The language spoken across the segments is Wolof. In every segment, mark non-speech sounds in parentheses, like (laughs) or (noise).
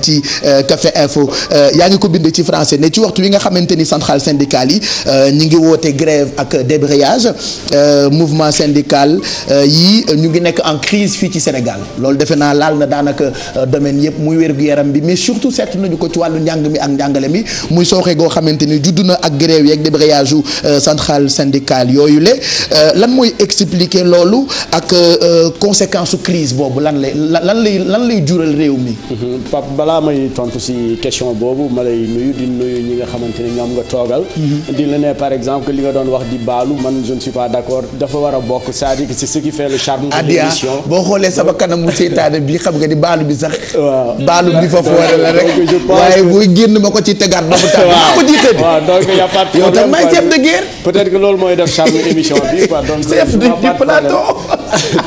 ci euh, Café Info euh, yaa ngi ko bind ci français ne ci waxtu wi nga xamante ni centrale syndicale yi euh, ñi ngi woote grève ak débrayage mouvement syndical yi ñu ngi nekk en crise fii ci Sénégal loolu defe naa laal na daanaka domaine yëpp muy wér gu yaram bi mais surtout seetlu nañu ko ci wàllu njàng mi ak njàngale mi muy sooxe goo xamante ni judd na ak grève yeeg débrayage u centrale syndicale yooyu le lan mooy expliquer loolu ak conséquence crise boobu lan lay lan lay jural réew mi mm-hmm. balaa may tontu si question boobu ma lay nuyu di nuyu ñi nga xamante ne ñoom nga toogal. Mm-hmm. di la ne par exemple que li nga doon wax di baalu man je ne suis pas d'accord dafa war a bokk c'est-à-dire que c'est ce qui fait boo xoolee sama kanam kanamu seytaane bi xam nga di baalu bi sax. (laughs) waaw baalu bi fa foore la rek. waaye booy génn ma ko ci tegaat ba mu tànn. waaw ko a pas de problème may chef de guerre. peut-être que loolu mooy def charme émission bi quoi donc. (laughs) chef plateau. (laughs)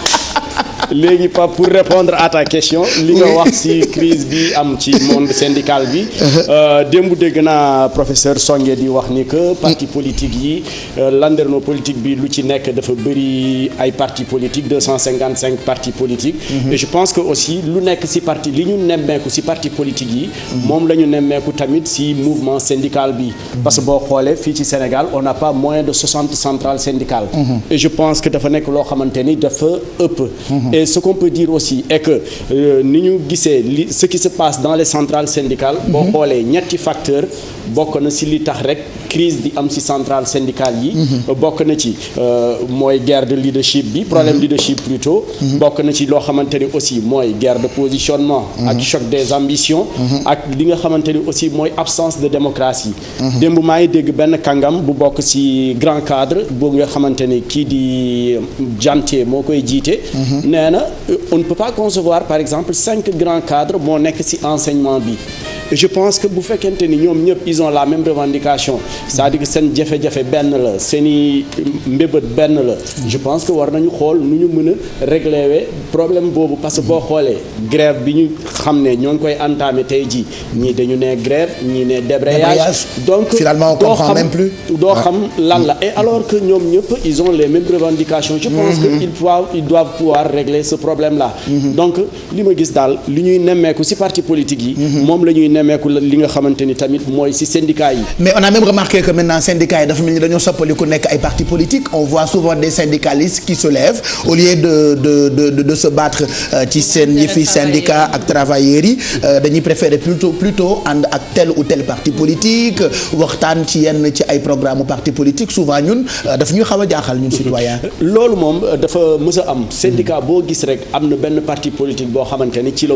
léegi pa pour répondre à ta question li nga wax ci crise bi am ci monde syndical bi (laughs) uh-huh. euh, démb dégg naa professeur Songué di wax ni que parti politique yi euh, landerno politique bi lu ci nekk dafa bëri ay parti politique deux cent cinquante cinq parti politique uh-huh. et je pense que aussi lu nekk ci parti li ñu nemmeeku ci parti politique yi uh-huh. moom la ñu nemmeeku tamit ci mouvement syndical bi parce que boo xoolee fii ci Sénégal on n'a pas moins de soixante centrales syndicales et je pense que dafa nekk loo xamante ni dafa ëpp et ce qu'on peut dire aussi est que euh, ni ñu gisee li ce qui se passe dans les centrales syndicales boo mhm. xoolee ñetti facteur bokk na si li tax rek crise di am ci centrale syndicale yi bokk na ci euh, mooy guerre de leadership bi problème leadership plutôt bokk na ci loo xamante ni aussi mooy guerre de positionnement ak choc des ambitions ak li nga xamante ni aussi mooy absence de démocratie démb maa ngi dégg benn kàngam bu bokk ci grand cadre bu nga xamante ni kii di euh, janté moo koy jiite nee na euh, on ne peut pas concevoir par exemple cinq grands cadre moo nekk ci enseignement bi je pense que bu fekkente ni ñoom ñëpp ils ont la même revendication c'est-à-dire que seen jafe-jafe benn la seen i mbébét benn la je pense que war nañu xool nu ñu mën a régler problème boobu parce que boo xoolee grève bi ñu xam ne ñoo ngi koy entamé tey jii ñii dañu ne grève ñii ne débrayage donc finalement on comprend même plus doo ah. xam lan la et alors que ñoom ñëpp ils ont les mêmes revendications je pense que mhm. ils doivent ils pouvoir régler ce problème là mhm. donc li ma gis daal li ñuy nemmeeku ci parti politique yi mhm. nemmeeku li nga xamante ni tamit mooy ci syndicat yi. mais on a même remarqué que maintenant syndicat yi dafa mel ni dañoo soppali ku nekk ay partis politiques on voit souvent des syndicalistes qui se lèvent au lieu de de de de, de se battre euh, ci seen yëfi syndicat ak travailleurs yi euh, dañuy préférer plutôt plutôt ànd ak tel ou tel parti politique waxtaan ci yenn ci ay programme u parti politique souvent ñun euh, daf ñuy xaw a jaaxal ñun citoyen loolu moom dafa mës a am hmm. syndicat boo gis rek am na benn parti politique boo xamante ni ci la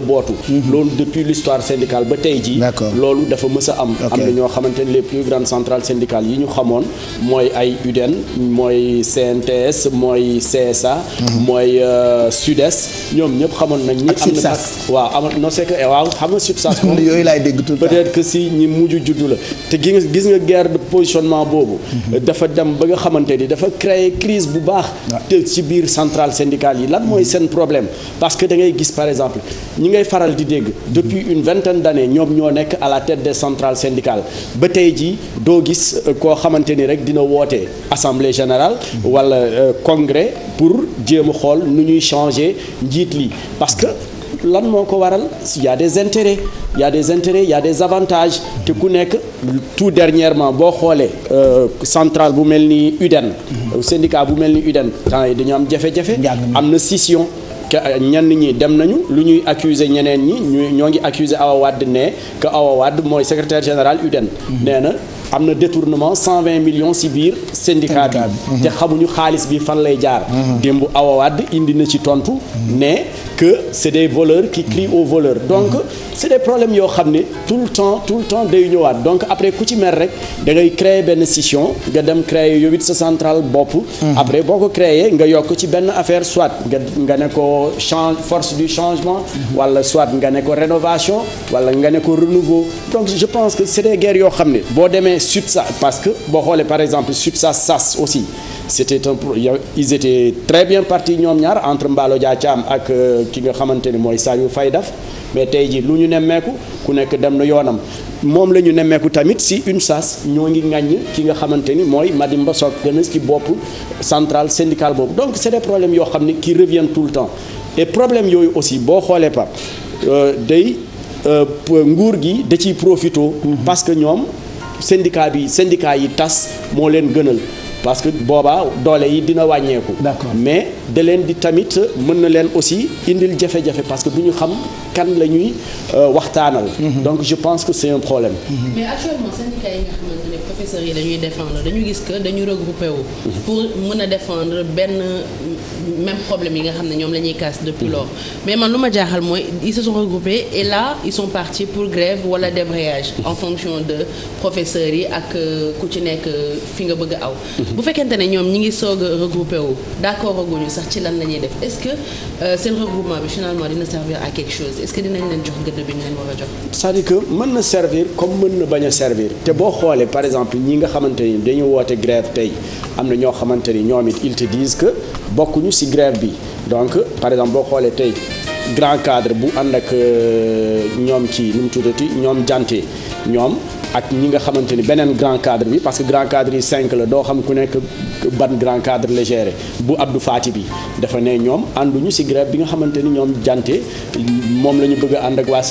yi loolu dafa mës a am am na ñoo xamante ne les plus grandes centrales syndicales yi ñu xamoon mooy ay UDEN mooy CNTS mooy CSA mhm. mooy euh, SUDES ñoom ñëpp xamoon nañ ni am na waaw ama non c'est que waaw xam nga SUTSAS (laughs) moom yooyu laay dégg tout peut si ñi mujj juddu la te gi nga gis nga guerre de positionnement boobu mhm. dafa dem ba nga xamante ni dafa créer crise bu baax te ci biir centrale syndicale yi lan mooy mhm. seen problème parce que da ngay gis par exemple ñi ngay faral di dégg depuis une vingtaine d'années ñoom ñoo nekk à la tête de centrales syndicales ba tey ji doo gis euh, koo xamante ni rek dina woote assemblée générale wala euh, congrès pour jéem a xool nu ñuy changé njiit li parce que lan moo ko waral y des intérêts y des intérêts y des avantages te ku nekk tout dernièrement boo xoolee euh, centrale bu mel ni UDEN mhm. syndicat bu mel ni UDEN temps yi dañu am jafe-jafe am na scission ñenn ñi dem nañu lu ñuy accuser ñeneen ñi ñu ñoo ngi accuser Awa Wade ne que Awa mooy secretaire général UDEN mm-hmm. nee na am na détournement 120 millions si biir syndicat bi te xamuñu xaalis bi fan lay jaar mm-hmm. démb Awa indi na ci tontu mm-hmm. ne que c'est des voleurs qui crient mm-hmm. aux voleurs donc c'est des problèmes yoo xam ne tout le temps tout le temps day ñëwaat donc après ku ci mer rek da ngay créer benn scission nga dem créer yow it sa centrale bopp après boo ko créer nga yokk ci benn affaire soit nga nga ne ko change force du changement wala soit nga ne ko rénovation wala nga ne ko renouveau donc je pense que c'est yoo xam ne boo demee xoolee SUTSA parce que boo xoolee par exemple SUTSA SAS aussi c'était un ils étaient très bien partis ñoom ñaar entre Mballo Dia Thiam ak euh, ki nga xamante ni mooy Saliou Faye Daf mais tey ji lu ñu nemmeeku ku nekk dem na yoonam moom la ñu nemmeeku tamit si une sas ñoo ngi ŋàññ ki nga xamante ni mooy Madimba Sock gën a ci bopp centrale syndicale boobu donc c'est des yoo xam ne qui reviennent tout le temps et problème yooyu aussi boo xoolee pa euh, day euh, nguur gi da ciy profito mm-hmm. parce que ñoom syndicat bi syndicat yi tas moo leen gënal parce que booba doole yi dina wàññeeku. d'accord mais. da leen di tamit mën na leen aussi indil jafe-jafe parce que bu ñu xam kan la ñuy euh, waxtaanal. Mhm. donc je pense que c'est un problème. Mhm. mais actuellement syndicat yi nga xamante ne dañuy gis que dañu regroupé wu. Mhm. pour mën a défendre benn même problème yi nga xam ne ñoom la ñuy casse depuis lors mais man lu ma jaaxal mooy ils se sont regroupés et là ils sont partis pour grève wala débrayage en fonction de professeurs yi ak euh, ku ci nekk fi nga bëgg a aw. bu fekkente ne ñoom ñi ngi soog a regroupé wu d'accord aguñu sax ci lan la ñuy def est-ce que euh, seen regroupement bi finalement dina servir à quelque chose est-ce que dinañ leen jox gëdd bi ñu leen war a jox. cest à que mën na servir comme mën na bañ a servir te boo xoolee par exemple ñi nga xamante ni dañu woote grève tey am na ñoo xamante ni ñoom it ils te disent que bokkuñu ci grève bi donc par exemple boo xoolee tey. grand cadre bu ànd ak euh, ñoom ci nu mu tuddati ñoom jante ñoom ak ñi nga xamante ni beneen grand cadre bi parce que grand cadre yi cinq la doo xam ku nekk ban grand cadre la bu Abdou Faati bi dafa ne ñoom ànduñu ci grève bi nga xamante ni ñoom jante moom la ñu bëgg a ànd ak waa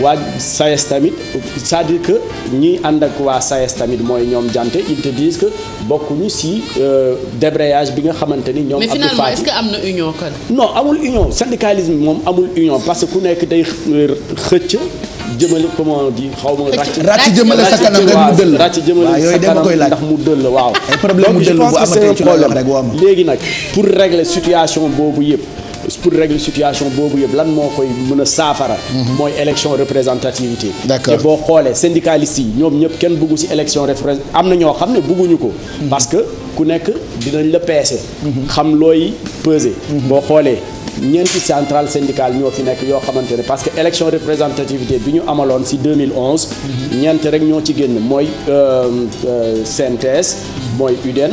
waa SAES tamit cest que ñiy ànd ak waa SAES tamit mooy ñoom jante ils te disent que bokkuñu ci euh, débrayage bi nga xamante ni ñoom. Abdou Faati mais finalement est-ce am na union kon. non union syndicalisme moom amul union parce que ku nekk day xëcc. jëmale comment on dit xaw ma ràcc. ràcc jëmale sa kanam rek mu dëll. ràcc jëmale sa kanam ndax mu dëll waaw. ay problème mu dëll bu situation boobu yëpp. pour régler situation boobu yëpp lan moo koy mën a saafara. Mhm. mooy élection représentativité. d'accord te boo xoolee syndicalistes yi ñoom ñëpp kenn bëggu ci élection repré am na ñoo xam ne bëgguñu ko. Mhm. parce que ku nekk dinañ la peese. Mhm. xam looy peser. boo xoolee. ñeenti centrale syndicale ñoo fi nekk yoo xamante ne parce que élection représentativité bi ñu amaloon si 2011. ñeent rek ñoo ci génn mooy euh, euh, CNTS. mooy UDEN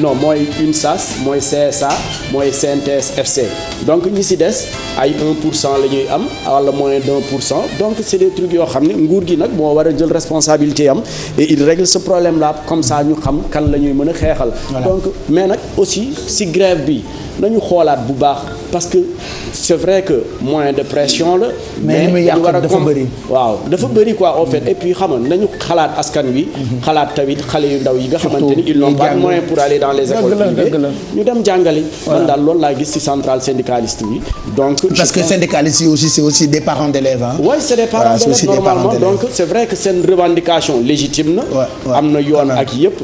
non mooy une UNSAS mooy CSA mooy CNTS FC donc ñi si des ay 1 pour cent la ñuy am wala moins d' 1 pour cent donc c' est des yoo xam ni nguur gi nag moo war a jël responsabilité am il règle sa problème la comme ça ñu xam kan la ñuy mën a xeexal. donc mais nag aussi si grève bi nañu xoolaat bu baax c'est vrai que moyen de pression la. mais mais ñu war a dafa bëri. waaw dafa mm-hmm. bëri quoi en fait mm-hmm. et puis xam nañu xalaat askan wi. Mm-hmm. xalaat tamit xale yu ndaw yi nga xamante ni ils n'ont pas moyen pour aller dans les écoles privées ñu dem jàngale. man daal loolu laa gis centrale syndicaliste bi. donc parce yi aussi c'est aussi des parents d'élèves ah. oui c'est des parents d'élèves donc c'est vrai que seen revendication légitime na. am na yoon ak yëpp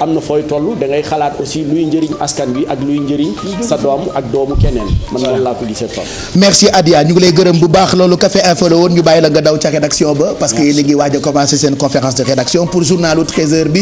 am na fooy toll da ngay xalaat aussi luy njëriñ askan bi ak luy njëriñ sa doom ak doomu keneen man loolu laa ko gisee Pape merci Adia ñu ngi lay gërëm bu baax loolu café info la woon ñu bàyyi la nga daw ca rédaction ba parce que li ngi waaj a seen conférence de rédaction pour journalu 13 bi